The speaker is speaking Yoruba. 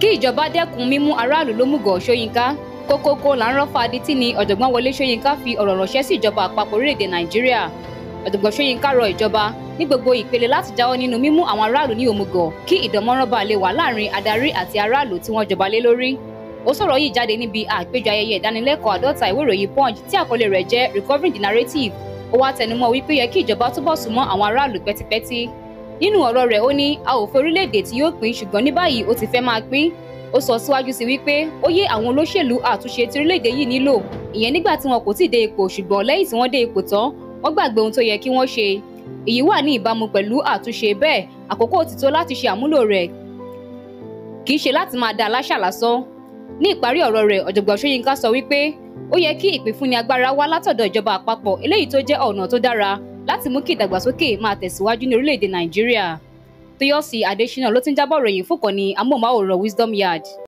kí ìjọba dẹ́kun mímú aráàlú lómùgọ̀ Ṣóyínká kókókó là ń rọ́fà adití ni ọ̀jọ̀gbọ́n Wọlé Ṣóyínká fi ọ̀rọ̀ ránṣẹ́ sí ìjọba àpapọ̀ orílẹ̀-èdè Nàìjíríà ọ̀jọ̀gbọ́n Ṣóyínká rọ ìjọba ní gbogbo ìpele láti jáwọ́ nínú mímú àwọn aráàlú ní òmùgọ̀ kí ìdánmọ́rán bá lè wà láàrin adarí àti aráàlú tí wọ́n jọba lé lórí ó sọ̀rọ̀ yìí jáde níbi àpéjọ ayẹyẹ ìdánilẹ́kọ̀ọ́ recovering the narrative ó wá tẹnumọ́ wípé yẹ kí ìjọba túbọ̀ súnmọ́ àwọn nínú ọ̀rọ̀ rẹ̀ ó ní a ò fẹ́ orílẹ̀-èdè tí yóò pín ṣùgbọ́n ní báyìí ó ti fẹ́ máa pín ó sọ síwájú sí wípé ó yé àwọn olóṣèlú àtúnṣe tí orílẹ̀-èdè yìí nílò ìyẹn nígbà tí wọn kò tíì dé ipò ṣùgbọ́n lẹ́yìn tí wọ́n dé ipò tán wọ́n gbàgbé ohun tó yẹ kí wọ́n ṣe èyí wà ní ìbámu pẹ̀lú àtúnṣe bẹ́ẹ̀ àkókò ti tó láti ṣe àmúlò rẹ̀ kì í ṣe láti máa da aláṣà lásán ní ìparí ọ̀rọ̀ rẹ̀ ọ̀jọ̀gbọ́n Ṣóyínká sọ wípé ó yẹ kí ìpínfúnni agbára wá látọ̀dọ̀ ìjọba àpapọ̀ eléyìí tó jẹ́ ọ̀nà tó dára láti mú kí ìdàgbàsókè máa tẹ̀síwájú ní orílẹ̀-èdè nàìjíríà tóyọ̀sí adéṣínà ló ti ń jábọ̀ ròyìn fún wisdom yard